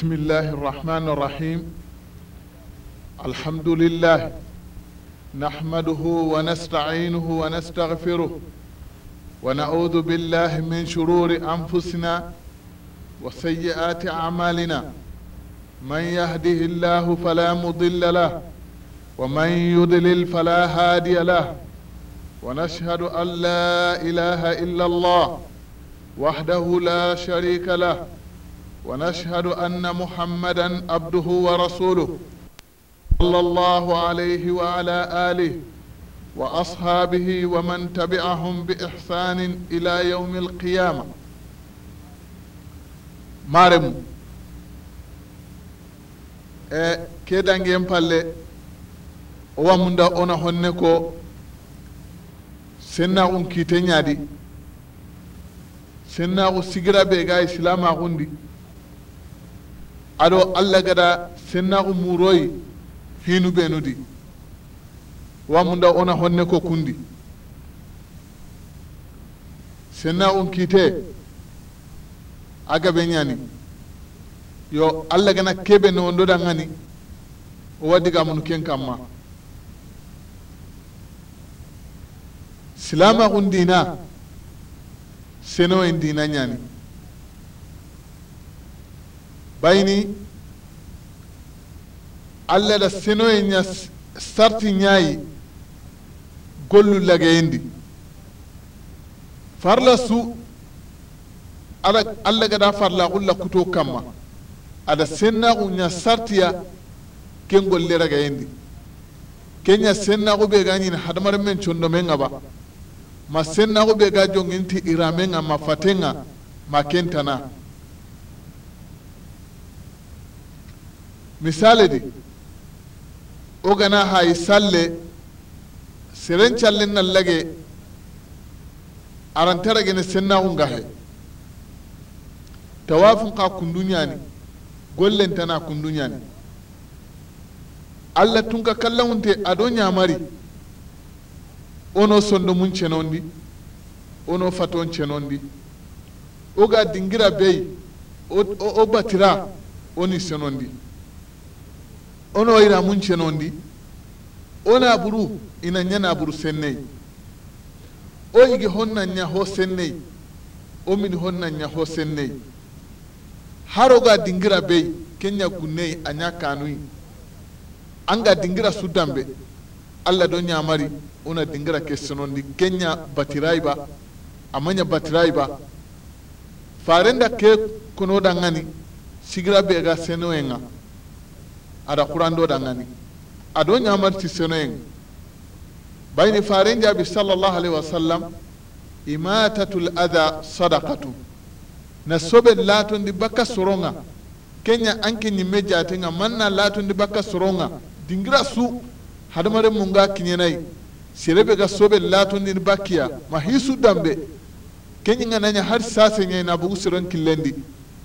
بسم الله الرحمن الرحيم الحمد لله نحمده ونستعينه ونستغفره ونعوذ بالله من شرور أنفسنا وسيئات أعمالنا من يهده الله فلا مضل له ومن يضلل فلا هادي له ونشهد أن لا إله إلا الله وحده لا شريك له ونشهد أن محمدا عبده ورسوله صلى الله عليه وعلى آله وأصحابه ومن تبعهم بإحسان إلى يوم القيامة مارم e kedangen palle o wamunda ona honne ko senna un kiite ñaadi senna ko sigira ɓe ga islama hundi ado allah gada senna umuroyi hinu ɓenudi wamunda ona honne ko kundi senna on kiite aga ɓe ñani yo allah gana kebe no on ɗoɗan gani o waddi gamunu ken kam ma silama un dina seno en dina ñani bayni allah ɗa senoye ña sarti ñaayi gollu lageyindi farla su allah gada farla xulla kuto kamma ada sennaxu ña sartiya ken golle ragayendi ke ña sennaxu ɓe ga ñini hadamaren men condomenga ba ma sennaxu ɓe ga jonginti iramenga ma fatenga ma kentana misali di o gana hayi salle seren callin nan lage a arantara gene sennaxunga he tawafun xa tana gollentana ne allah tun ka a ado mari ono sondo mun cenondi ono faton cenondi o ga dingira bai o, o batira oni senondi ono ira mun cenondi ona buru ina ñana buru senney o yigi honna nya ho senney o min honna ña ho Haro ga dingira bei, kenya gunney a kanui kanuyi anga dingira suddanɓe allah do mari, ona dingira ke senondi kenya batirai ba manya batirai ba farenda ke konoɗa ngani sigira ɓe ga senoye nga ada kurando dangani ado ñamarti senen bayni farin jaabi sallllahu alayhi wa sallam imatatu l ada sadakatu na soɓe latondi bakka soronga kenya anke meja jatenga man na di bakka soronga dingira su hadamare munga ga sirebe serebe ga soɓe latondini bakkiya ma hisu dambe kenya naña har sase na bugu soron kilendi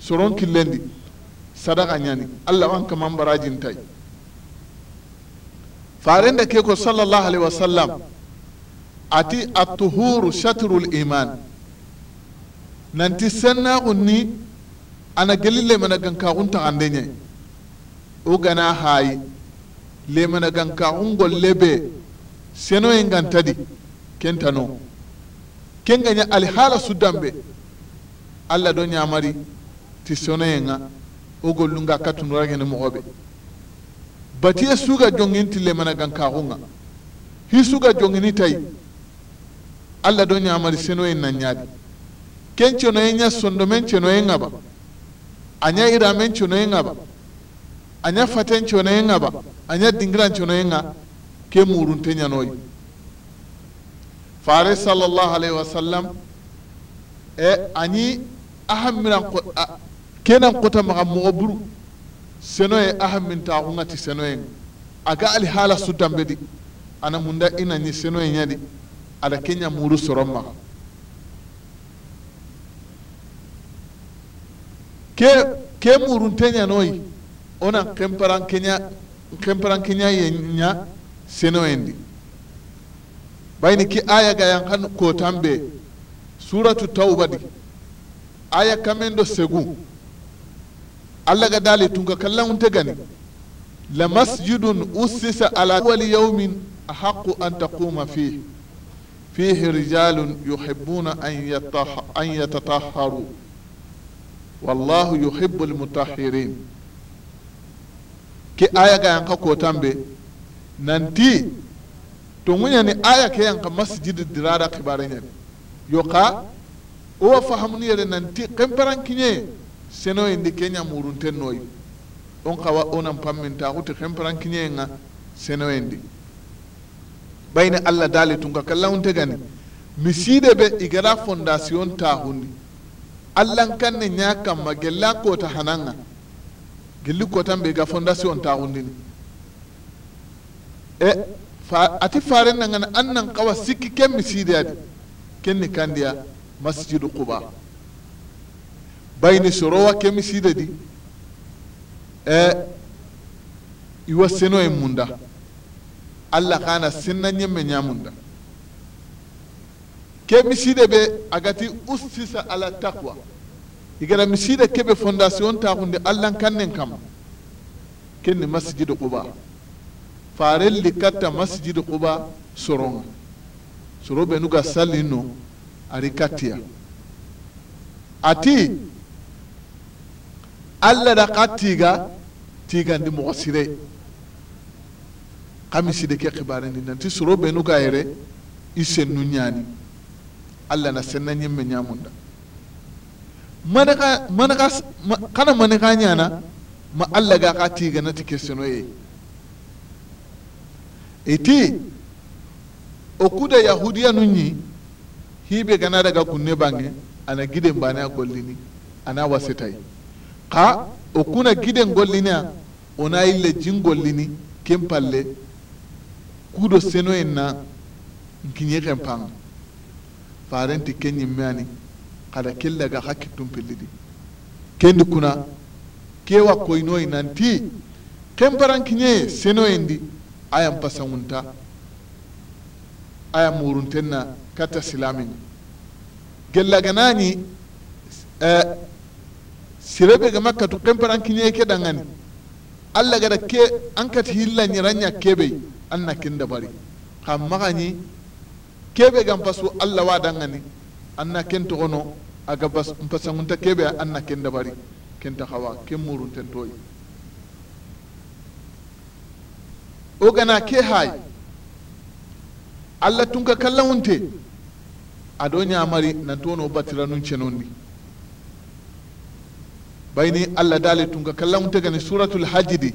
soron kilendi sadaka ñani allah wan kaman barajin farin farenda ke ko sallallahu alaihi wasallam ati atuhuru shatrul iman nanti senna unni ana gelille mana ganka unta ande nye o gana hayi le mana ganka ungol lebe seno engantadi kentano kenganya alhala sudambe allah do nyamari ti seno enga o gollunga kattunoragene mogoɓe batiye suga jonginti mana gankaxunga hi suga jongini tayi allah do ñamari senoyen nan ñaadi ken cenoyen ña sondo men cenoyen ŋaba a ña iramen cenoyen ŋaba a ña faten cenoyen ŋaba a ña dingiran cenoyen ŋa ke murunte ñanoyi fare sallallahu alaihi wasallam e ani ahammiran kenan kota maka mogo buru seno ye aha min taxu ŋati seno ye aga ali hala su dambe di ana munda i nañi seno ye ɲadi ada ke ɲa muru soron maga ke ke murunte ɲanoyi wo nan kenparankeɲa kenparankeɲa ye ɲa seno yendi bayini ki aya gayan kan kotan be suratu tauba di aya kamen do segun allah ga dali tun ka kallon wunta gani la masjidun usisa ala wali yawmin haqqu an taquma fi fihi rijalun yuhibbuna an an yatatahharu wallahu yuhibbul mutahhirin ke aya ga yanka ko tambe nanti to munya ni aya ke yanka masjid dirara kibarenya yo ka o fahamni yere nanti kemparan kinye seno indi kenya murunten noyi on kawa onan pamminta huti hemparan kiñeenga seno endi bayni allah daali tun ka kallahunte gani miside be igara fondation tahundi allan ne ña kamma gella kota hananga gelli kotan be ga fondation tahundini e fa, ati faren nangana an nan kawa sikki ken miside adi kenni kandiya masjidu quba bayni sorowa kemi di ɛ iwa seno e munda allah kana sinna ñemme ñamunda ke ka ɓe agati ustisa ala taqwa igara miside keɓe fondation ta kun ala taxunde allahn kannen kam kenni masjide quba farelli katta masjide quba soronga soro ɓe nuga sallinno ari kattiya ati alla da ka tiga tigandi mogo sire xami side ke xibarendi nanti soro benu ga yere i sennu ɲani alla na senna ñemme ñamunda manaka manaka kana maneka ɲana ma alla ga ti ke kesseno ye iti o kuda yahudiya nu hi hibe gana daga kunne bange ana giden bane a gollini ana wasitayi ka o kuna giden gollinia ona ille jin gollini ken palle kudo senoyen na nkiñe ken pan farenti ken ñimme ani kada kellaga xa kittum pillidi kendi kuna kewa koynoyi nanti ken parankiñeye senoyen di ayan pasangunta aya murunten na kata silamin gellaganani eh, sirebe ga makka to kempar an kinye ke dangani allah gada ke an kati hilla nyiranya kebe an na kin da bari amma ni kebe ga fasu allah wa dangani an na kin to ono aga bas fasangunta kebe an na kin da bari kin ta hawa kin murun toyi o gana ke hay allah tun ka kallon wunte a don ya mari nan tono batira nun ni. bayni allah daali tunga kallam tegani suratul hajji di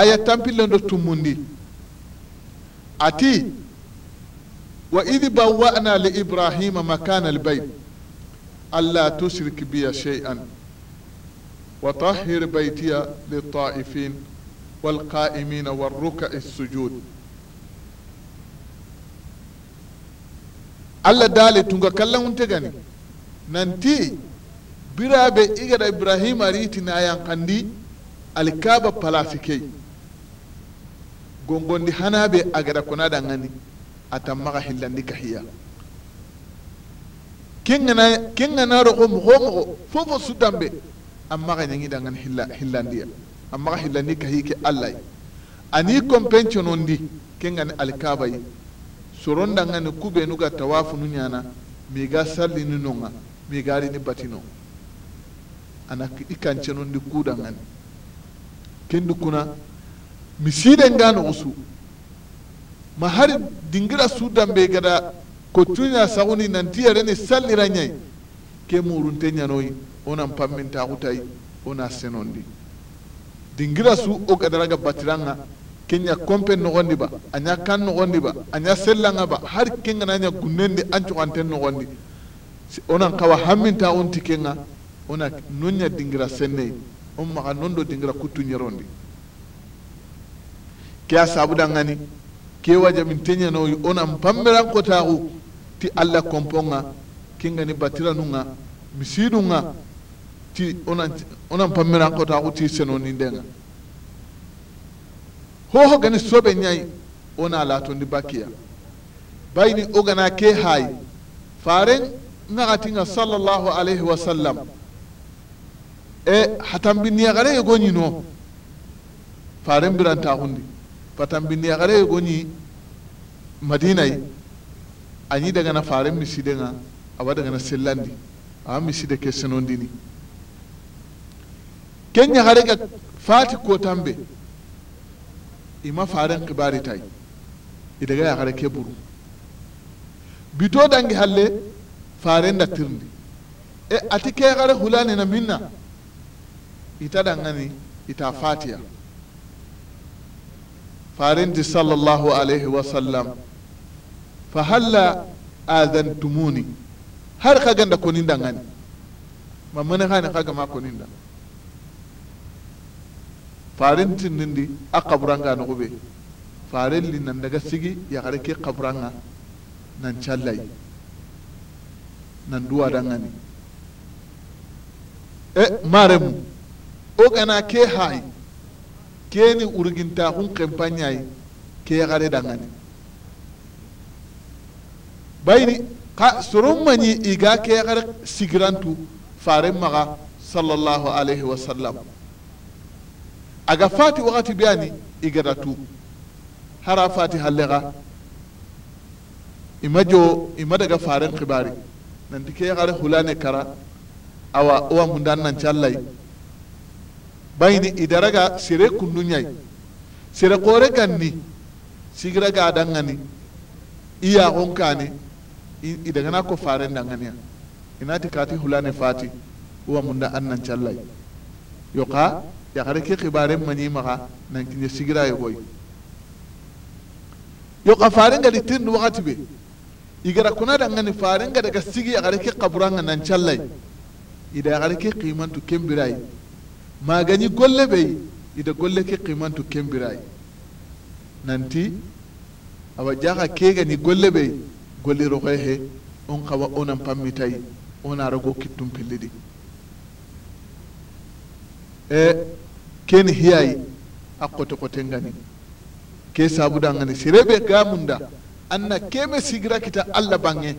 aya tampille ndo tummundi ati wa id bawa'na li ibrahima makana albayt alla tushrik biya shay'an wa tahhir baytiya lilta'ifin والقائمين والركع السجود الله دالي تونغا كلا تغني ننتي biraɓe igada ibrahima riitina yankandi alkaba palasi key gongondi hanaɓe agada kona ɗangandi atan maga hillandi kahiya kengana kengana rogo mogo mogo fofo sutanɓe an maga ñangi ɗangani hilla hillandiya an maka hillandi kahi ke allahy ani compenconondi alikaba yi soron ɗangani kuɓenu ga tawafunu ñana miga sallini nonga miga ni batino ana i kancenondi kudangani kendi kuna misiden ga noxusu ma hari dingira su dambe gada kottuña saguni nanti yareni sallira ñayi ke murunte nyanoi onan pammintaxutayi ona senondi dingira su wo gadaraga batiranga kenya no gondi ba anya kan gondi ba anya sellanga ba har kenga nanya gunnendi an cuganten gondi onan kawa hamminta unti kenga ona non ɲa dingira senne on maxa non do dingira kuttu ɲerondi ke a sabudangani ke wajamin teñanoyi onan pamberan kotaxu ti allah komponga kengani batiranunga nga ti onan, onan pamberan kotaxu ti senonindenga hoho gani sobe ñayi ona latondi bakkiya bayni ogana ke hayi faren nga sallallahu alaihi wa sallam Eh, e ye yegoñi no faren birantaxundi patambinniyaxare yegoñi madinayi añi dagana faren ba awa dagana sellandi awa miside ke senondini ken ñaxare ga fati kotanbe ima faren kibari tay i daga yaxare ke buru bito dangi halle faren da tirndi e eh, ati ke yaxare hulanena min na ita da gani ita fatiya di sallallahu alaihi wasallam fa halla tumuni har ka ganda kaganda koninda gani mamani hani farin koninda farintindindi a kaburanga farin li nan daga sigi yakare ke ga nan callayi nan duwa da ngani e maremu o gana ke ni urginta hun kampanya yi ke bai ni ka surun mani iga ke gare sigirantu faren maga sallallahu alaihi wa sallam aga fati waxati beyani igata tu hara fati hallexa ima jo ima daga faren kibari nanti ke gare hulane kara awa uwa mundan nancallayi bayini bayni idaraga sere kunduñayi sere kore ganni ga dangani i iya i dagana ko faren danganiya inati kati hulane fati uwa munda an nan callay yoka yakare ke xibaren mañimaxa nan kiñe sigira yogoy yoka faren gadi tirndi waxati i gara kuna dangani faren ga daga sigi yakare ke xaburanga nan callay ida yakare ke qimantu kembirayi magani golle ɓey ida golle ke qimantu kembirayi nanti awa jaxa kegani golle ɓey golli roxoye he on xawa onan pammitayi ona rago kittum pillidi e ken hiyayi a qote qotengani ke sabudangani sirebe gamunda anna keme sigira kita allah bange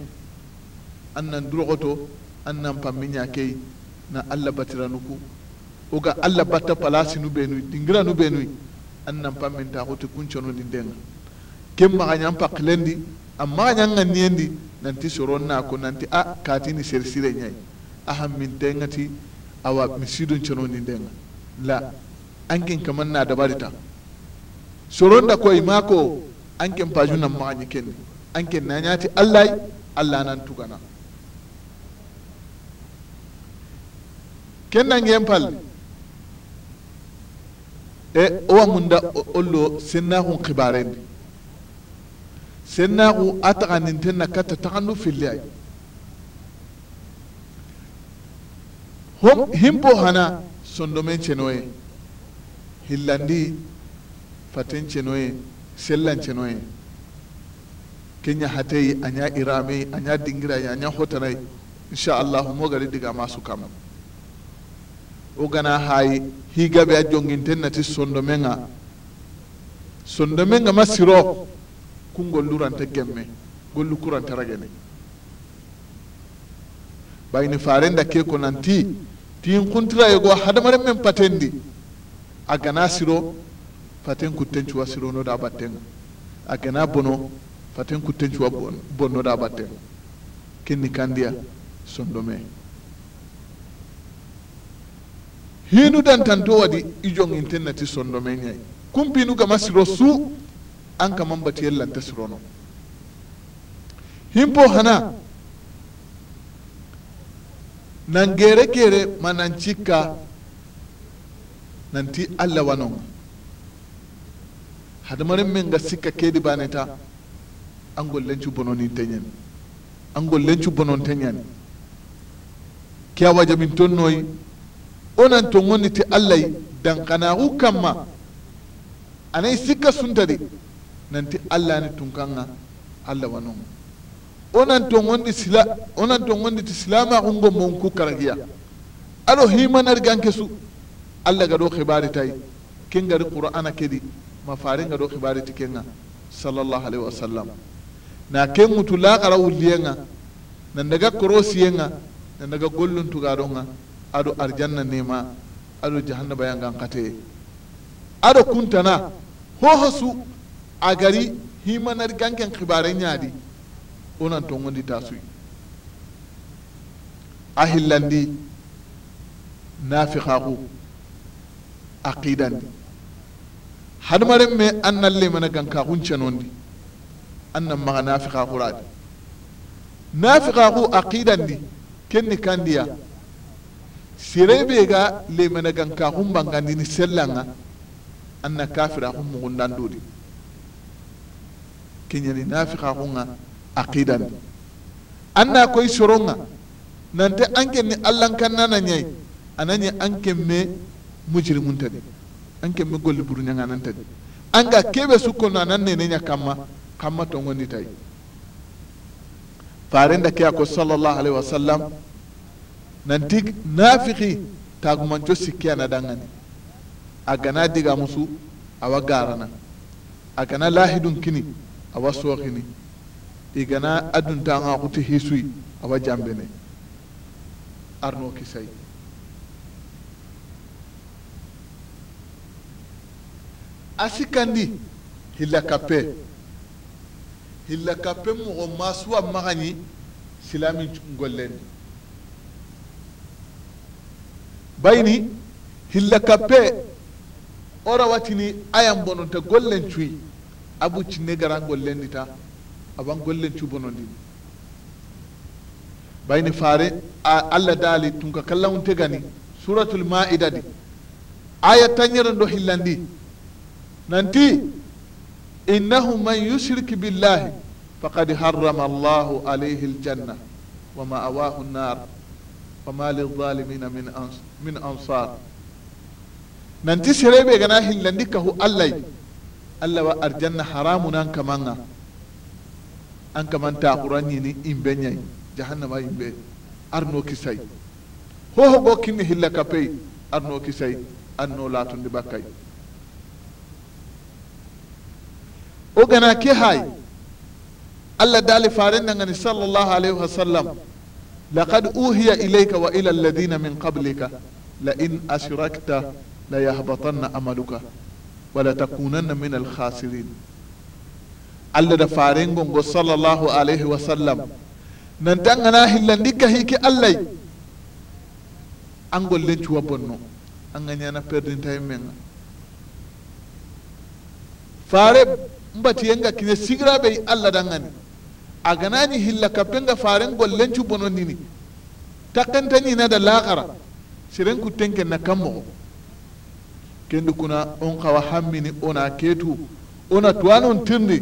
annan duroxoto annan pammiña keyi na allah batiranuku. oga alla batta palasi nu benu dingira nu benu pa min ta hoti kunconu din denga kem ma ganyan pakilendi amma ganyan nan nanti soron na ko nanti a katini sersire nyai aham min tengati awa misidun chono din denga la ankin kaman na dabarita soron da koy mako ankin pajunan ma ganyi ken ankin na nyati allah allah nan tugana kenan gen pali. e owa munda ollo sennaxun xibarendi sennaxu a taxaninten na katta taxannu filli ay himpo hana sondomen cenoye hillandi faten cenoye sellan cenoye kenya hateyi anya irame anya dingirayi anya hotanayi inchallahu gari diga su kamam o gana hayi higaɓe a jonginten nati sondome ga sondome ga ma siro kun golluranta gemme gollu kuranta ragene bayni farenda ke ko nanti tin kuntira yego hadamaren men patendi a gana siro faten kutten cuwa sirono da batten a gana bono faten kutten cuwa bonno da batten kinni kandiya sondome hinu dantanto wadi ijon intennati sondo men ñayi kumpinu gama siro su an kaman batiyel lanta sirono himpo hana nan gere gere ma nan cikka nanti allah wanon hadamarin min ga sikka kedi baneta an gollencu bononin teñani an gollencu bonon teñani ke a wajamin ton noyi onan to ngoni ti allay dankanaxu kanma anayi sikka suntadi nanti allah ni tunkanga allah wanonga onan to gondi sila onan to gondi ti silamaxungo ku karagiya aɗo himanari ganke su allah ga ɗo xibari tayi kin gari qur'ana kedi ma farenga ɗo xibari ti kenga sallallahu alaihi wasallam na ken ŋutu wuliyan wulliyenga nan daga korosiyenga nan daga golluntugaɗonga Ado arjanna nema ado jahannaba gan kate ado kuntana hohosu a gari himanari ganken kibare ñaadi onan to ngondi suy ahillandi hillandi nafiqaku aqidandi hadamaren me an nalle mana gankakun cenondi an nan maga nafiqakuradi nafiqaku aqidandi kenni kandiya serebe ga lemene ganka humbangandini sellanga anna kafira hun mugundandudi kenyani nafika hunga aqidan anna koy soronga nante anke ni allan kannana nyai anani anke me mujrimun tadi anke me golli burunyanga nan anga kebe sukko na nan nene nya kamma kamma to farenda ke ko sallallahu alaihi wasallam nanti nafiki tagumanco sikki ana dangani a gana diga musu awa garana a gana lahidun kini awa sookini i gana adunta a kuti hisui awa jambene arno kisai a sikkandi hilla kappe hilla kappe mogo masuwa magani silamin gollendi bayni hilla kappe ora watini ayan bononta gollen cuyi abu cinne garan gollendita aban gollen cu bonondini bayni fare allah daali tunka kallawunte gani suratul ma'ida di aya tañeren do hillandi nanti innahu man yushrik billahi faqad harrama allahu alayhi aljanna wa ma'awahu an-nar fama lil na min an ans min ansar nanti serebe gana hillandi kahu allai allah wa arjanna haramu nan na an kaman taxuranñini imbe ñayi jahannama imbe arno kisay hohogo kinni hilla kapey arno kisay anno latundi bakkay o gana ke hay allah dali farendangani sallallahu alaihi wa sallam Lakad uhiya ilaika wa ila min qablika la in ashrakta la yahbatanna amaluka wa la takunanna min alkhasirin allah da farengo ngo sallllahu alayhi wa sallam nan tan ana hillandikka hiki allahy angol lencuwa bonno an ga ñana perdinta himmenga fare mbatiyenga kine sigiraɓey allah a aganani hilla kappenga faren gollen cubbonondini takkantañinada lakara siren kutten ken na kammoxo kendi kuna on xawa hammini ona ketu ona tuwanon tirndi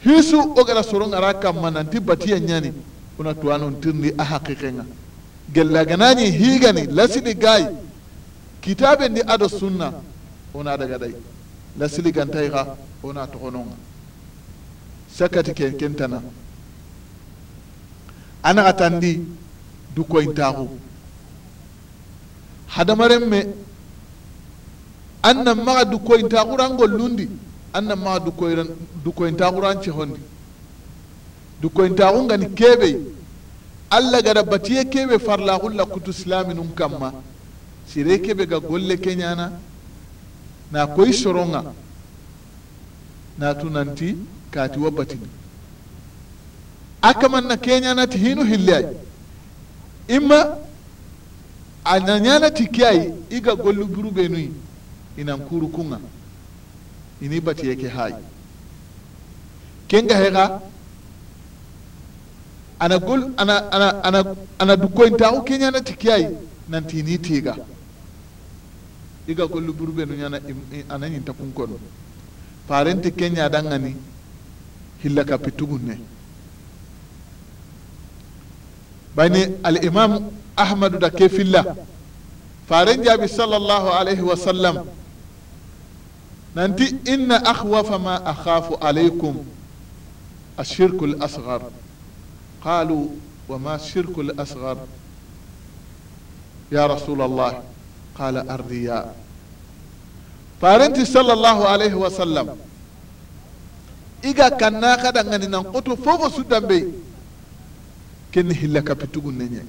hisu o gara soron ara kamma nanti batiya ñani ona tuwanon tirndi a haqiqenga gellaganañi higani lasili gayi kitabe ndi ado sunna ona daga ɗay lasili ha xa ona toxononga sakati ken kentana anaxa tandi dukoyintaxu hadamaren me an nan maxa dukoyintaxuran gollundi an nan maxa dukoyintaxuran cehondi dukoyintaxun gani keɓey allah gada batiye keɓe farlaxulla kutu silaminun kamma sire kebe ga golle keñana na koyi soronga natu nanti kaati wo batini akamanna keñanati hino hilleyaji imma ana ñanati kiyayi iga gollu buruge nuyi inan kuru kunga ini batiyeke haayi kenga hexa ana gol ana ana ana ana dukkoyintaxu keñanati kiyayi nanti ini tiiga iga gollu burube nu ñana ana ñinta kunkono kenya keñadangani hilla kappi tugunne bayni alimamu ahmadu da ke filla farin jabi sallallahu alaihi wa sallam nanti inna akhwafa ma akhafu alaykum ashirku l asgar qalu wa ma shirku l asgar ya rasul allah qala arriya farenti sallallahu alaihi wa sallam iga kanna kada ngani nan oto fofo sudambe ken hilla kapitugu nenye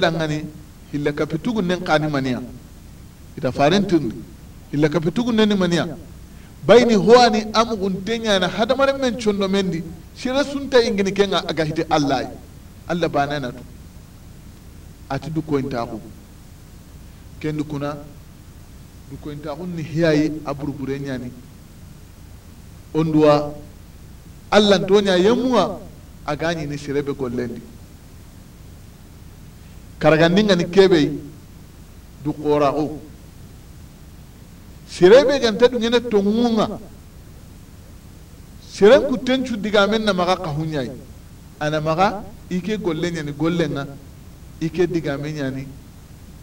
da ngani hilla kapitugu nen kani mania ita farentundi hilla kapitugu nen mania bayni hoani amugun teñana hadamaren men condo men di sira sunta ingini kenga aga hite allah yi allah banana tu ati kuna ken ko dukoyintaku ni hiyayi a burubure ni. onduwa allantoña yemmuga a gañini sirebe gollendi karagandingani keɓey du qoraxu sirebe ganta ɗungene tongunga siren kutten cuddigamen na maxa xahuñayi ana maxa ike golle ñani gollenga ike digame ñani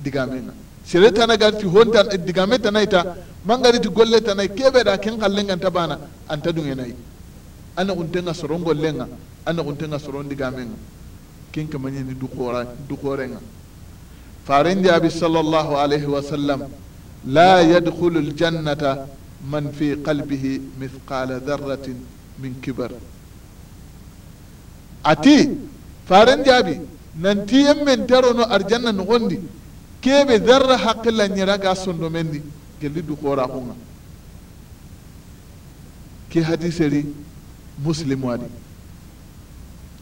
digamenga sere tana garti hontan digame tanayta mangariti golle da keɓeɗa ken xallenganta bana an anta dungenayi ana a untenga soro ngollenga ana a untenga soro ndigamenga ken kamañini dukorenga farendi abi sallallahu alaihi wa sallam la yadkhulu ljannata man fi qalbihi mithqala darratin min kibar ati faren jaabi nanti yemmen darono arjanna nogondi keɓe darra haqqilla ñiraga sondomen di gelli du korakunga ke hadiseri muslimu adi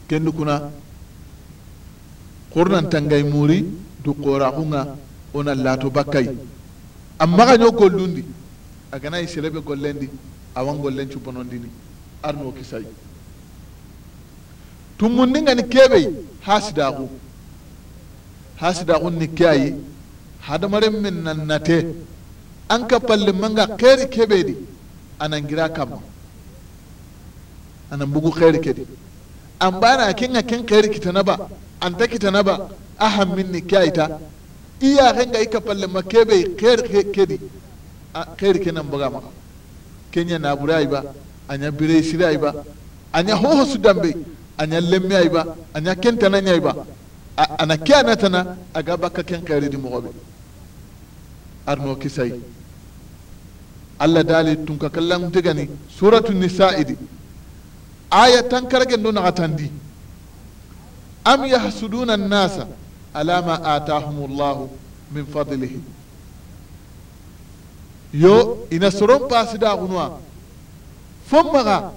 kendu kuna qurnan tangay muri du qoraxunga ona lato bakkay ammaxaño gollundi a ganayi serebe gollendi awan gollen cubanondini arno kisay tummundingani keɓey ha sidaxu ha sidaxun ni ke ayi hadamaren min nan nate an ka palle manga xeeri keɓeedi anangira kamma anan bugu kairi kedi an bana ta kita na ba anta min ni kya ita iya kenga ika palle makebe khairi kedi khairi kenan buga ma kenya na burai ba anya bire shirai ba anya hoho su dambe anya lemme ai ba anya kenta na nyai ba ana na tana aga ka ken kairi di mogobe arno kisai allah dali tun ka kallan tigani suratu nisa'idi aya tan karagen do naxatandi am yahsuduna nasa ala ma atahum llahu min fadlihi yo ina soron pasidaxunuwa fo maxa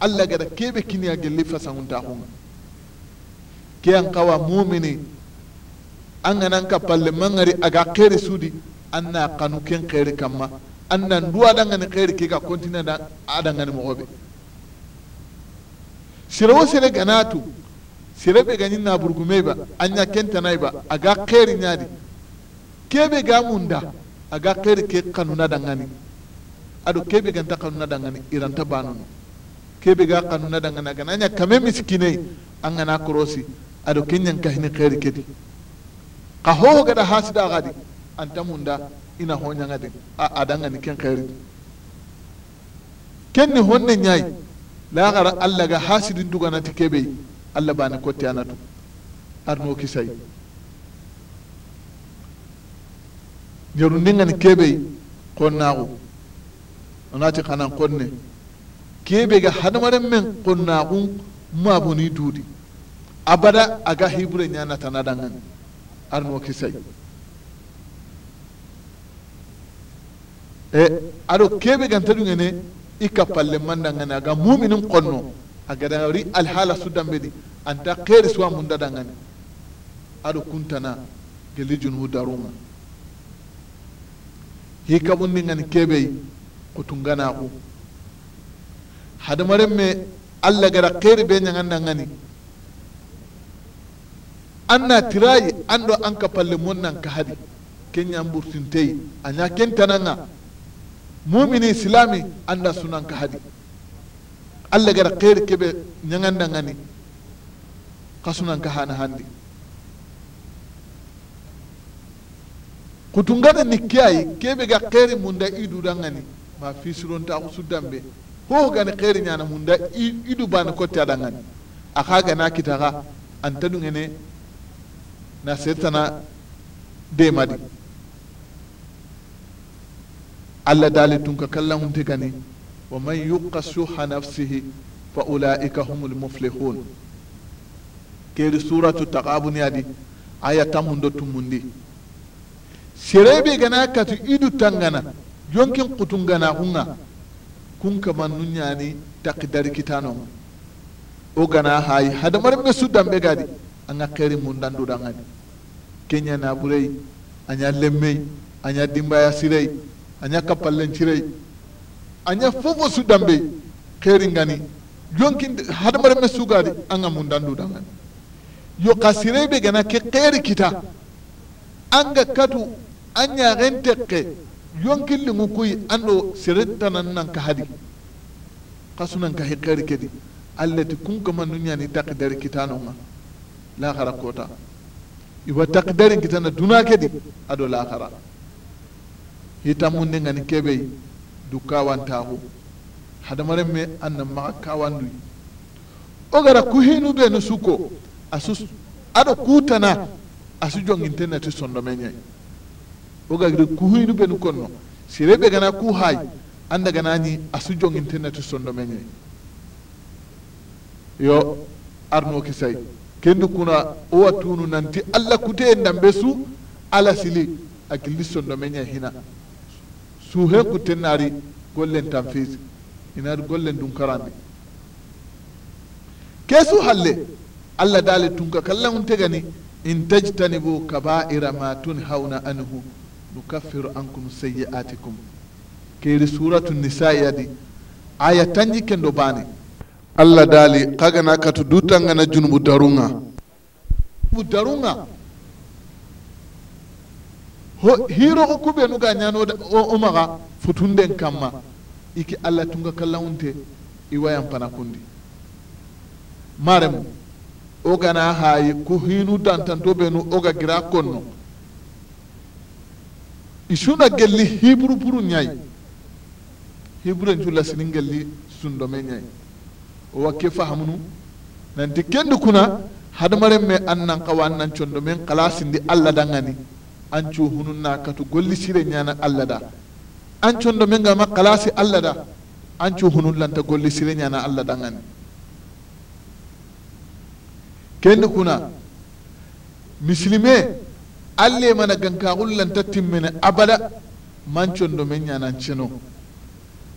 allah gada keɓe kiniya gelli fasanguntaxunga ke an xawa mumini an ganan ka palle mangari aga xeeri sudi an na kanu ken xeeri kama an nan duwa dangani xeeri ke ga continue adangani moxoɓe sirewo sere ganatu sere be ganin na burgume ba anya kenta nai ba aga khairi nyadi kebe ga munda aga kheri ke kanuna dangani ado kebe ganta kanuna dangani iranta ke kebe ga kanuna dangana gana nanya kame miskine an gana korosi ado ka kahini khairi kedi ka ho ga da hasida gadi anta munda ina honya de a adanga ni ken khairi ken ni honne nyai lagara allah ga hasidin duganati kebe allah bani kotte anatu arno kisay jeru ndingani keɓey qonnaaku onati xanan ne kebe ga hadamaren men qonnaakun maboni duudi abada aga hibre ñanatana ɗangani arno kisay e eh, aɗo ta ganta ne. ika palle mandangani aga muminin konno a ri alhala su dambedi anta keri suwa munda dangani aɗo kuntana geli junu daruma hika ɓundingani keɓey ku, hadamare me allah gara keri be ñagan ngani an na tirayi an do an ka palle mun na ka hadi kenya ɓurtinteyi a kentana nga. mumini silami anda sunan ka hadi allah gara khair kebe da ngani ka sunan ka hana handi kutungada ni kiyayi kebe ga khair munda idu ngani ma fi suron ta ku dambe ko gani khair nyana munda idu bana kotta dangani aka gana kitaga antadu ngene na setana de madi allah dali tun ka kallan tika gani wa man yuqa suha nafsihi fa ulaika humul muflihun keri suratu taqabun yadi aya di tumundi serebe gana katu idu tangana jonkin gana hunga kun kaman nunyani takdari kitano o gana hayi hadamar me su be gadi an ka keri mun dandu dangani kenya na burei anya lemmei anya dimbaya sirei a ña kappallencirey anya fufu fofo sudanbe xeeri ngani yonkinde hadamareme sugadi anga mundandudangani yo kasire be gana ke xeeri kita anga katu a ñaxen teqe kuyi kuy ando seretanan nan ka hadi kasu nan ka xeeri kedi allati kunkamandu ñani taqidari kitanonga laxara kota iwa kita kitana duna kedi ado laxara hitammunde ngani keɓey du kawantaxu hadamaren me an na maxa kawanduy o gara kuhinu ɓe no suko asu aɗo kutana asu jonginte nati sondome ñay o gagri kuhinu ɓe nu konno sire ɓe gana ku hay anda ni asu jonginte nati sondome ñay yo arno kisay kendu kuna owa tunu nanti allah kute e ndambe su ala sili a sondome ñay hina suhe kutten naari gollen tanfisi inaari gollen dun Ke keesu halle allah 'tun tunka kalla un tegani in tajtanibu kaba'ira ma tunhawna anhu nukaffiru ankum sayi'atikum keri suratu nisa'i adi aya tanji kendo bani. allah daali na katu dutangana junubu darunga junubu darunga ho hiro ko be ga nyano da o umaga futunden kamma iki Allah tunga wayan iwayan panakundi marem o gana hayi ko hinu dantanto benu o ga gira konno isuna gelli hibru puru ñayi hibru en culla sinin gelli me ñayi o wakke fahamunu nan dikendu kuna hadamaren me an nan kawa an nan condo men qalasindi sindi allah dangani an hunun hununna katu golli sire ñana allah da an ancondo min gama kalasi allah da an co hunun lanta golli sire ñana allah da ngani kendi kuna misilime alle mana gankaxul lanta timmene abada mancondo men ñanan ceno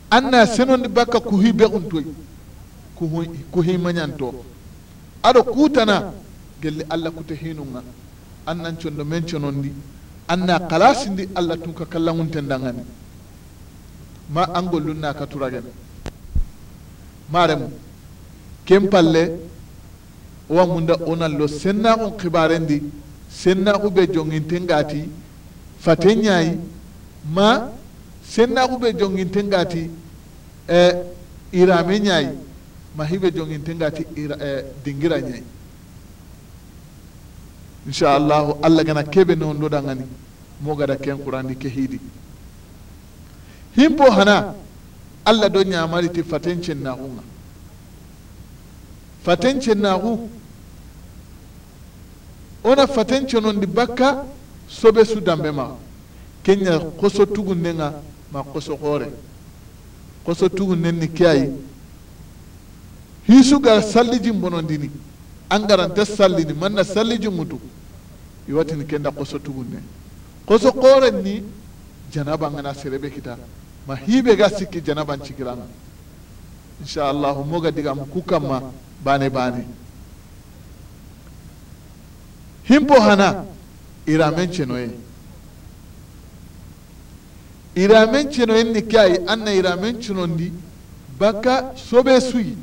anna senondi baka kuhi bexuntoy kuhi manyanto Ado kutana gelli allah kute hinunga annan condo men conondi anna kalasindi allah tun ka kallaŋunten daŋani ma an gollun na ka turagen maremu ken palle wa munda onan lo sennaxun xibarendi sennaxu be jonginten gati faten ɲayi ma sennaxu be jonginten gati eh, irame ɲayi ma hibe jonginten gati ira, eh, dingira ɲayi inchallahu allah gana keɓe noon mo gada ken qurandi ke hiidi himpo hana allah do ñamariti faten cennaxunga faten hu ona faten di bakka sobe su dambe ma kenya koso nenga ma koso xoore koso nenni ni ke ga salli salliji bonondini angarante ni manna salli jumutu ni kenda koso ne koso koren ni janaba ngana sirebe kita ma hibe ga sikki janaban cikiranga inchallah moga mu ku ma bane bane himpo hana iramen cenoye iramen cenoyen ni ke ayi an na iramen cenondi baka sobe suyi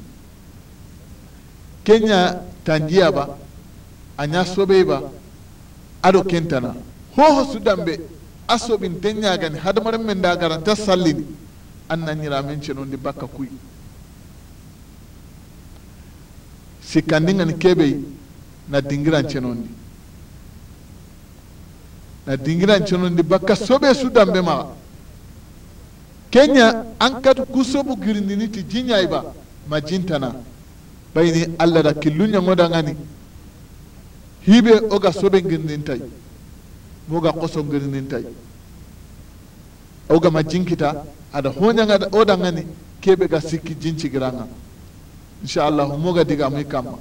kenya tanjiya ba a ña soɓey ba aɗo kentana hoho sudanɓe a soɓin tanya gani hadamaren men da garanta sallini an na ñiramen baka bakka kuy sikkandingani kebe na dingiran cenondi na dingiran baka sobe su dambe ma kenya an kati kusoɓu girindini ti jiñay ba ma jintana bayini allah da killunya ngoda ngani hibe oga sobe ngirnintay moga qoso ngirnintay oga ma jinkita honya ngada oda ngani kebe ga sikki insha allah moga diga muy kamma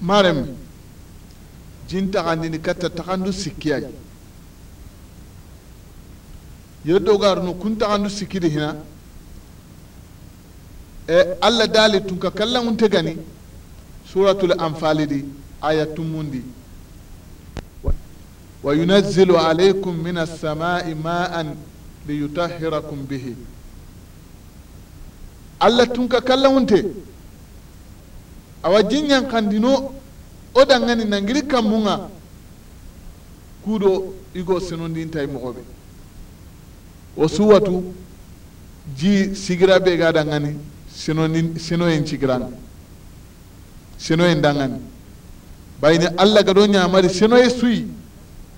marem jintaxandini katta taxandu sikkiyay yedogarnu kun taxandu sikkidi hina e allah dali tun ka kalla wunte gani suratul anfali di aya tumundi wa yunazzilu alaykum min sama'i ma'an liyutahhirakum bihi allah tun ka kalla wunte awa jinyan kandino o dangani nangiri kammunga kudo igo sinundintayi mogoɓe o suwatu ji sigira be ga dangani sinonin sinoyen cigiran dangane dangan bayni allah gado ñamari sinoye suyi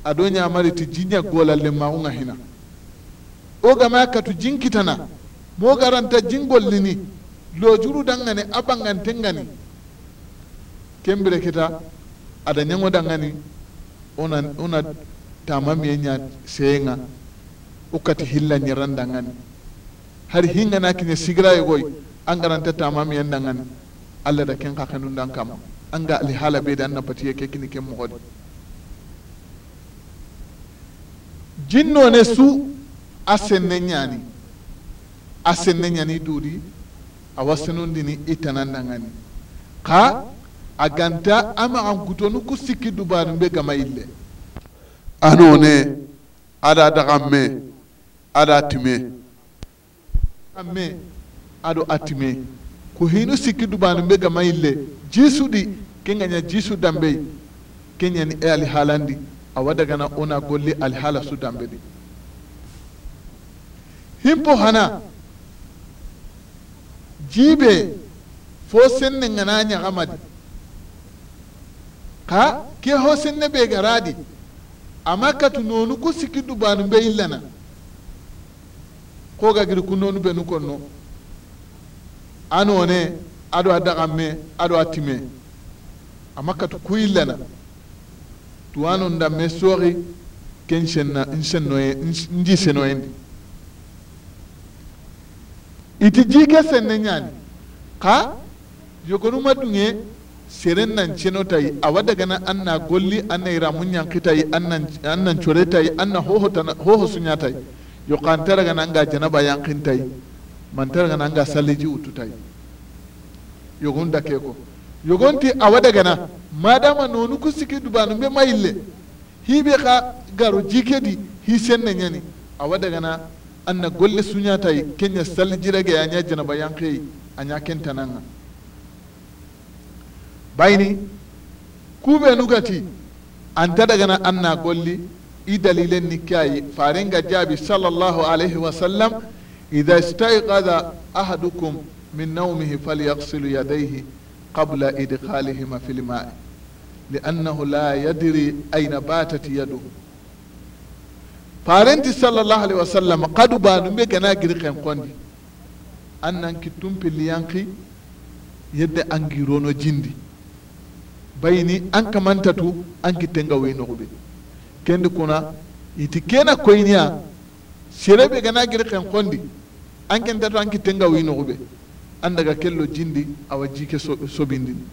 ado ta jinya jiña golalle maunga hina o gama katu jinkitana mo garanta jingollini lojuru dangane a bangantengani kembire kita ada ñango dangani una, una tamamiye ña seyenga ukkati hilla ñirandangani hari hingana kine sigira yogoy an garanta tamamiyan nan an allah da ka kakhenun dan kam an ga alihala bai da an na patiye ke kini ken mogodi jinno ne su a senne ñani a senne ñani duudi awa senundini itanan dangani ka a ganta ama an kutonu ku sikki dubarin bai gama ille ano ne ada daga me ada time amme aɗo attime ko hino sikki dubano mbe ga mayille jiisuɗi kegaña jiisu dambey keñani e alihaalandi awa dagana ona golli alihaala su dambe ɗi himpo hana jiibe fo senne gana ñagamadi ka ke ho senne ɓe garaɗi amma katu noonu ku sikki dubanu mbe illana ko gagiri ku noonu ɓenu konno anone ado a me ado a time a tu kuyillana tuwanon danme sooxi ke nsenna nsennoye nji senoyendi iti jiike senne ñaani xa yogonuma dunge seren nan ceno tayi awa dagana an na golli an na iramu ñanki tayi an nan core tayi an na hoho suña tayi yoxantera gana anga janaba yankin tayi mantar gana nga salliji ututai yogon da keko yogon ti awada gana madama nonu kusiki dubanu be mayille hibe ka jike di hi senne nyani awada gana anna golle suñatayi kenya saljirage aña janaba yankeyi kenta kentananga bayni kuɓe nugati anta na anna golli i dalilen ni kai farin ga jabi sallallahu alaihi wa sallam إذا استيقظ أحدكم من نومه فليغسل يديه قبل إدخالهما في الماء لأنه لا يدري أين باتت يده فارنتي صلى الله عليه وسلم قد بانو ميغنا غيركم كوندي أنن كتم بليانكي يد أنجيرونو جندي بيني أنك من تتو أنك تنغوي نغبي كند كنا يتكينا كوينيا serebe gana giri ken kondi an ken tato an kitenga wi noxuɓe an daga kello jindi awa jike sobindini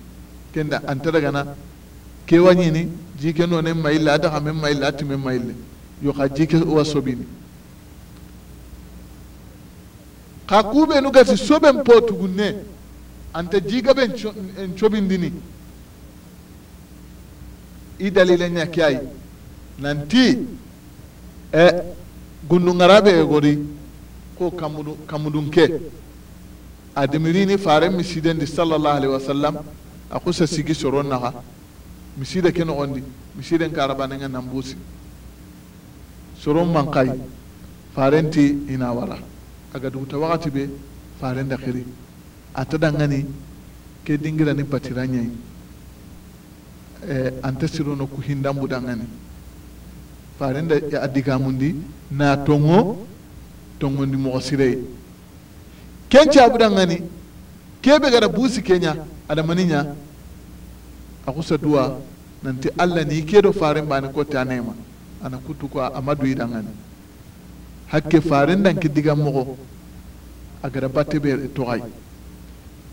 kenda anta dagana kewañini jike none mayille a daxa men mayille a timen mayille yo xa jike wa sobini xa kuɓenu gati soɓen po tugunne anta jigaɓe en coɓindini i dalile ñake nanti eh, gundungara ɓe gori ko kamudun ke a dimirini fare misidendi sallallahu alaihi wasallam a kusa sigi soron naxa miside ke noxondi misiden karabanenga nan busi soron man kai mankayi farenti ina wara aga duguta wakati be faren da a ta dangani ke ni batira ñayi eh, anta sirono ku dangani. ya e a digamundi na tongo tongondi mogo sire ken cabudangani kebe gara busi kenya adamaniña a xusa duwa nanti allah ni ke do ba ni ko ta nema ana kutu ko ama duyidangani hakke faren danki digan mogo a gara batte be e toxay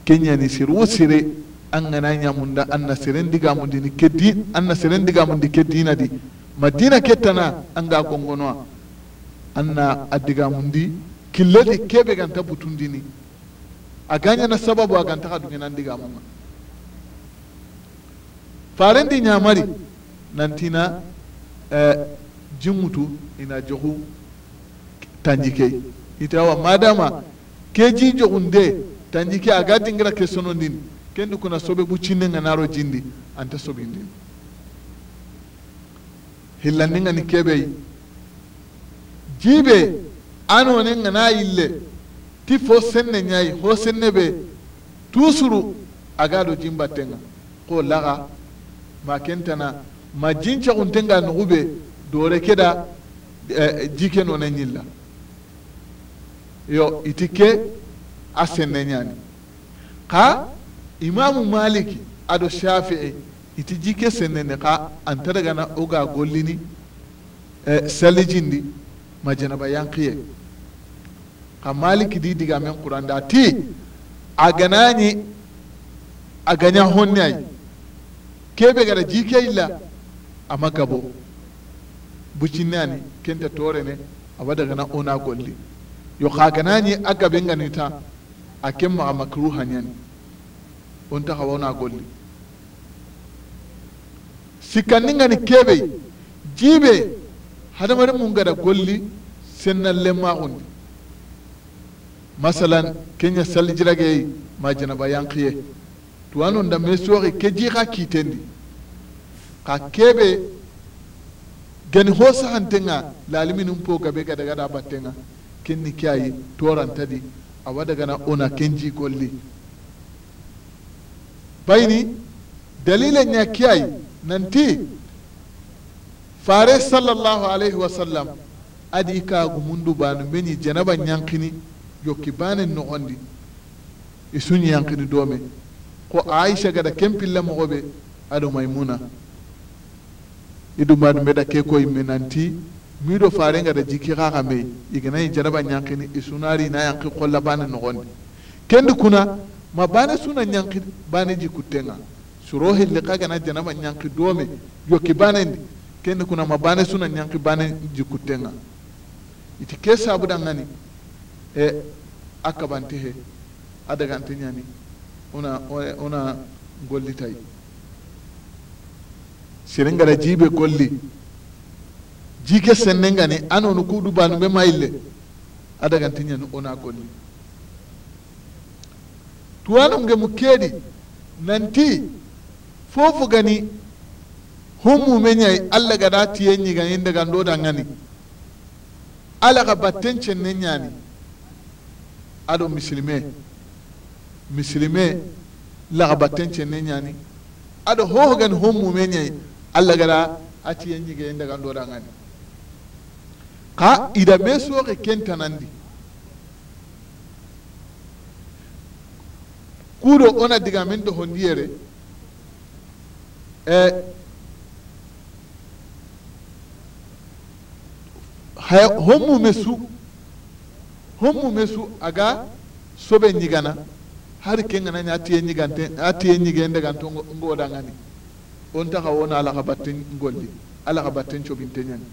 kenya ni siru sire an gana ñamunda an na seren digamundini ke di an na seren digamundi ke dina di madina kettana anga gongonowa anna addigamundi killeti kebe ganta butundini a ganyana sababu a ganta xa dugenan digamunga farendi ñamari nantina eh, jinŋutu ina joxu tanji key itawa madama ke ji joxunde tanji ke aga dingira ke sonondini kendi kuna sobe buccinne nga naro jindi anta sobindini hillannin ga ni kebe jibe ano ga na ille ti fo senne nyai ho senne be tusuru aga do jimba tenga ko laga ma kentana ma jinca untenga nugube dore keda da e, jike no nyila yo itike a nyani ka imamu maliki ado shafi'i iti jike an ta daga na o ga gollini eh, salijindi ma janaba yankiye ka maliki di kuran da ti a ganañi a gaña honni ay kebe gara jike illa ama gabo bucinne ani kenta daga na o ona golli yo gana ganañi a ni nganita a ta ka makruhañani o na golli sikkanni ngani kebe jibe hadamaden mun gada golli sennallen lemma undi masalan kenya jirage ma janaba yankiye tuwanon da me sori ke ji ka kitendi ka kebe gani ho saxantenga laliminin po gabe gada gada battenga kenni ke ayi a awa gana ona ken kenji golli bayni ni ña ke nanti fare sallallahu alaihi wa sallam adi kaagu mundu banu meni janaba ñankini yokki baanen noxondi i suñ yankini me ko aisha gada kempilla pilla ado maimuna maymuna idumaɗu meda ke koy me nanti miɗo fare gada jiki xa me mey iganayi janaba ñankini i na yanki qolla bane noxondi kendi kuna ma bana suna ñankini baane jikutenga surohi le kaga na janaba ñanki doome yokki banendi kenne kuna mabane suna ñanki bane jikkuttenga iti ke sabudangani e akabanti he a dagante ñani una una gollitay serengara jiibe golli jiike senne ngani anonu kuuɗu banume mayille a dagante ñani ona golli tuwanum ge mu keeɗi nanti fofu gani homu menyai allah gada tiye ñigani ndaga ndoda ngani ala ga batten nyani ñani muslime muslime la ga batten cenne ñani ado hoho gani homu meñai alla gada a tiye ñigani ndaga ndoda ngani ka ida me sooxe kentanandi kudo ona diga min to E, hommume su hommume su aga sobe ñigana har ke ganani a tiye ñigante a tiye ñigende ganto on taxa wona alaxa batten ngolli alaxa batten coɓinte ñani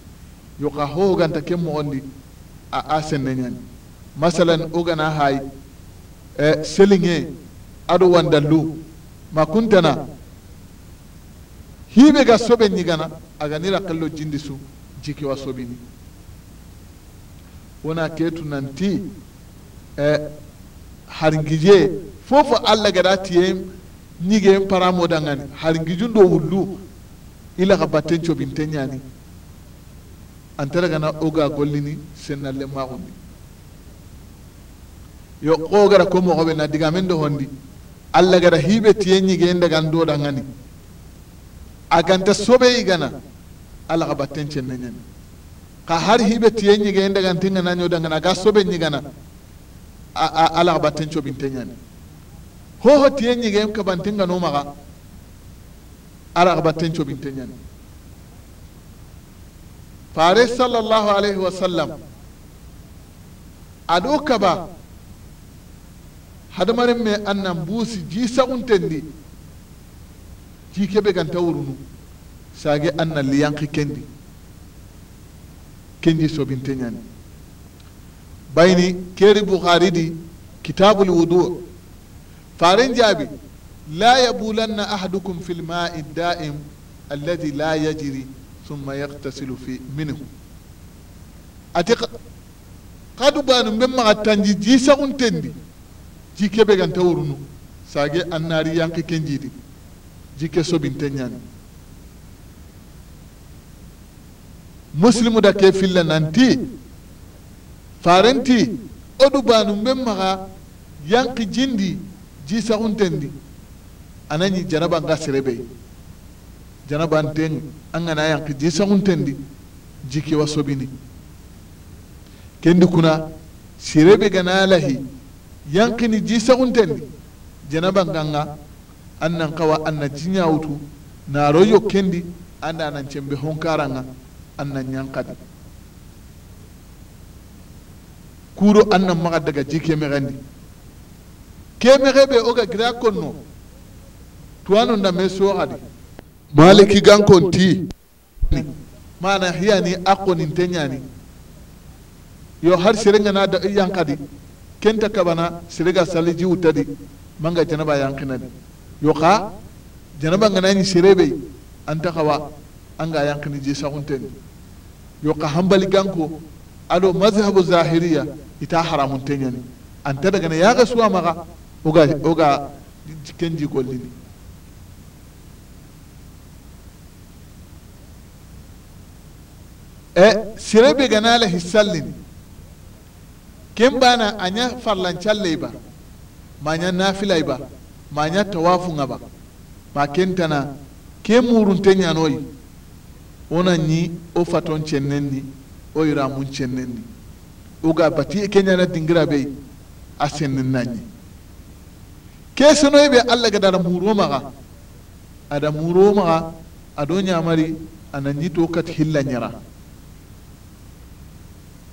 yoka hooganta ke moxondi a, a senne ñani masalan o gana hay eh, selinge ado wandallu ma kuntana hibe ga soɓe ñigana aganira kallo jindi su jikiwa soɓini wona ketu nanti eh, hargije fofo allah gada tiyen ñigeen paramodangani hargijun do wullu ila ka batten coɓinte ñani antara gana oga gollini sennalle maxundi yo ko gara ko moxoɓe na digamen do hondi allah gara hiɓe tiyen ñigeen dagan dangani. aganta sobe gana ala ga cin nan yana ka har hibe tiye nyige enda yau da gana ga sobe nyigana ala ka batten cobin tenyani yana hoho tiye nyige ka bantinga no maga ala ga batten cobin yana fare sallallahu alaihi wasallam ado ba hadamaden me annan busi ji saguntendi ti kebe ganta wurunu sage an na liyanki kendi kendi sobinte ñani bayni keri bukhari di kitabul wudu farin jabi la yabulanna ahadukum fil ma'i daim alladhi la yajri thumma yaghtasilu fi minhu atiq qadu banu mbe maxa tanji ji untendi ji kebe ganta wurunu sage an naari yanki kenjidi jike jikke soɓinte ñani muslimu da ke filla nanti farenti odu banu ɓen maxa yanki jindi ji saxuntendi anañi janaba nga serebe janaba nten an gana yanki ji saxuntendi jike wa soɓini kendi kuna serebe gana lahi ni ji saxuntendi janaba nganga annan kawa jinya wutu na royo kendi anda nan cembe nga annan ñankadi Kuro annan maga daga jike gandi ke me ɓe oga gira konno tuwano ndame adi maliki gankon ti mana ni a koninte ñani yo har serenga na da yankadi kenta kabana serega saliji wutadi manga janaba yankinadi yoka janaba ngana ni serebe anta kawa anga yankini je sakunten yoka hambali ganko ado mazhabu zahiriya ita haramun tenyani anta daga ya ga suwa maka oga oga cikin ni eh sirebe gana la hissallini kin bana anya challe ba manya nafilai ba maña tawafunga ba ma kentana ke murunte ñanoyi wo na ñi wo faton cennen ni wo yiramun cennen ni wo ga bati ke ñana dingira be a sennin na ñi ke senoyi be allah gada ada muro maxa ada muro maxa ado ñamari ana ñi to kati hilla ñara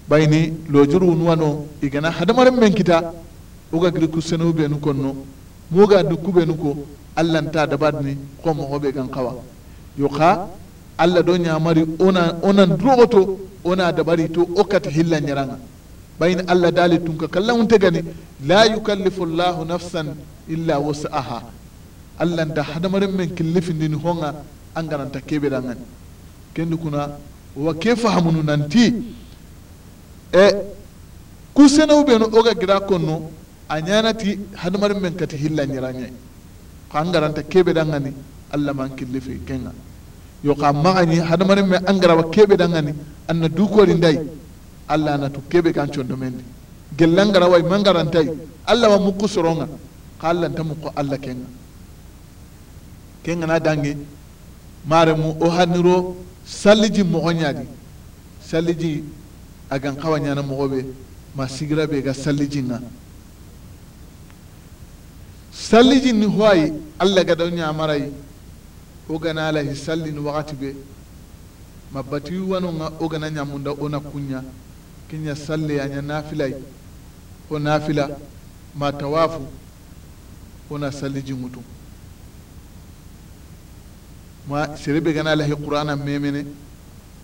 bayini lojuru nuwano igana hadamaren men kita wo ga giri ku senoyi benu konno moga kube kubenu ko allah nta dabadini ko mogo be gan kawa yo xa allah do ñamari ona onan duroxo to ona dabari to o kati hilla ñaranga bayin allah dali tunka kallanunte gani la yukallifu allah nafsan illa aha. allah nta hadamaren men killifindini honga an garanta keɓeɗangani kendi kuna wa ke fahamunu nanti e kusenewu ɓenu oga gira kono. a ñanati hadamaren men kati hillañirañayi ko an garanta keɓe ɗangani allah man kille fe kenga yo ka maxani hadamaren me an garawa keɓe ɗangani anna dukori ndayi allah anatu keɓe kan condo men di gellan garawayi man garantayi allah wa mukku soronga ka allah nta mukko allah kenga kenga na dange mu o hanniro salliji moxoñadi salliji agan xawa ñana be ma sigira ka ga sallijinga salliji ni yi allah ga ɗon ñamarayi o gana lahi salli ni wakati be ma bati nga o gana ñamunda ona salli kiña salle aña ko o nafila ma tawafu ona salliji mutu ma serebe gana lahi qur'ana memene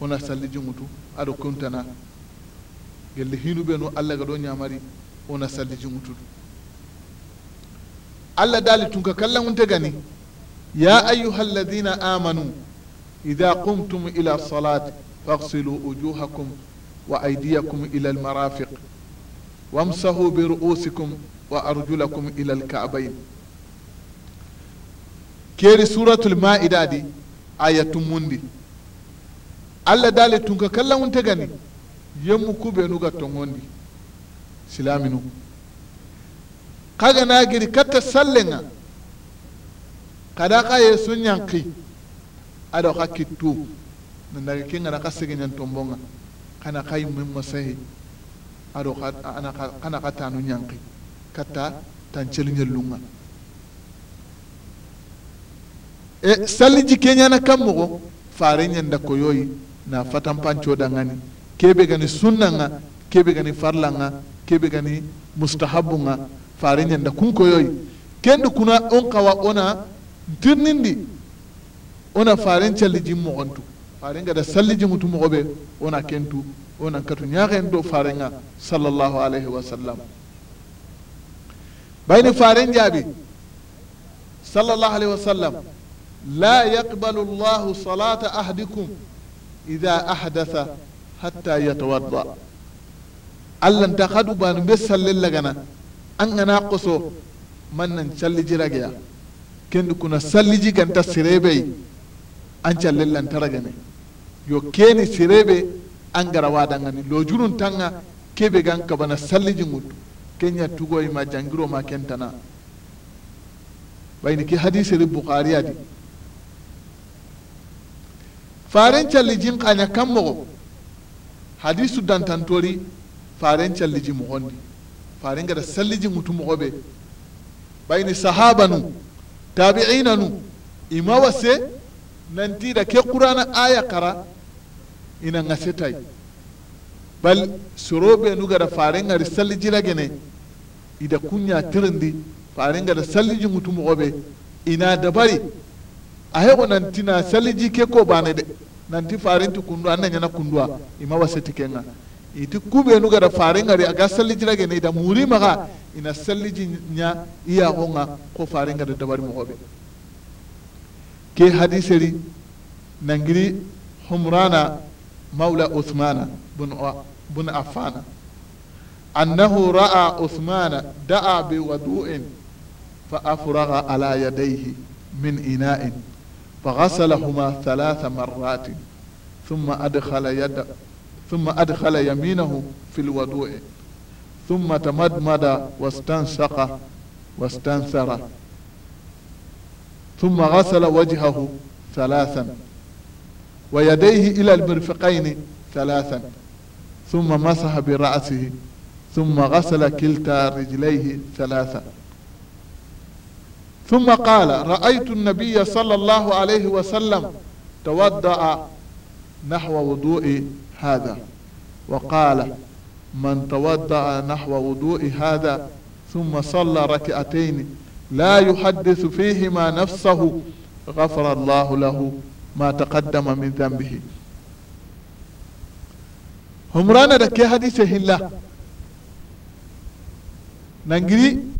ona salliji mutu aɗo kontana gelle be no allah ga ɗo ñamari ona salliji mutu. allah dali ka kallan wunta gani ya ayyuhalladhina amanu idha qumtum ila salati faghsilu wujuhakum wa aydiyakum ila almarafiq wamsahu biru'usikum wa arjulakum ila alka'bayn keri suratul ma'ida di ayatun mundi allah dali ka kallan wunta gani ku yemmu kuɓenuga tongondi silaminu kaga na giri katta sallenga kada ka ye sun yanki ado ka kittu nandaga kinga na ka segenyan tombonga kana kai min masahi ado kana ka tanu yanki katta tancel nyellunga e salli jikeñana kam mogo fare ñanda koyoyi na fatan pancoɗangani kebe gani nga kebe gani farla nga kebe gani mustahabu nga. faare ñanda yoyi kende kuna on kawa ona dirnindi ona faren calliji mogontu faren gada salliji mutu mogoɓe ona kentu onan katu ñaken do farenga sallallahu alayhi wa sallam bayni faren jaabi sallallahu alayhi wa sallam la yaqbalu llahu salata ahadikum ida ahdatha hatta yatawadda allah nta hadu banu be salle lagana an gana koso man nan calliji rageya kendi kuna salliji ganta sirebe an callin ne yo keni sirebe an gara wadangani lojurun tanga kebe gan kabana salliji mutu kenya tugoyi ma jangiro ma kentana bayni ki ri bukhari adi faren callijin kanya kan mogo hadisu dantantori faren calliji mogondi faren gada sallijin mutum bai ni sahabanu tabi'inanu ima wase ima ti da ke qur'ana aya kara ina tai bal surobe nu da faren gari gene ida kunya tirindi faren gada sallijin mutum oɓe ina da bari nan ti na sallijin ke ko bane de nanti farinti kundu an na ñana kunduwa ima wase tikenga iti kubenu gada farengari aga sallijiragene ida muri maka ina salliji ɲa i yaxonga ko farengada dabari moxoɓe ke hadiseri nangiri humrana maula uthmana bun afana. annahu ra'a uthmana da'a biwadu'in fa afraga ala yadayhi min ina'in فغسلهما ثلاث مرات ثم أدخل يد ثم أدخل يمينه في الوضوء ثم تمدمد واستنشق واستنثر ثم غسل وجهه ثلاثا ويديه إلى المرفقين ثلاثا ثم مسح برأسه ثم غسل كلتا رجليه ثلاثا ثم قال رأيت النبي صلى الله عليه وسلم توضأ نحو وضوء هذا وقال من توضأ نحو وضوء هذا ثم صلى ركعتين لا يحدث فيهما نفسه غفر الله له ما تقدم من ذنبه همرانا دكي حديثه الله نجري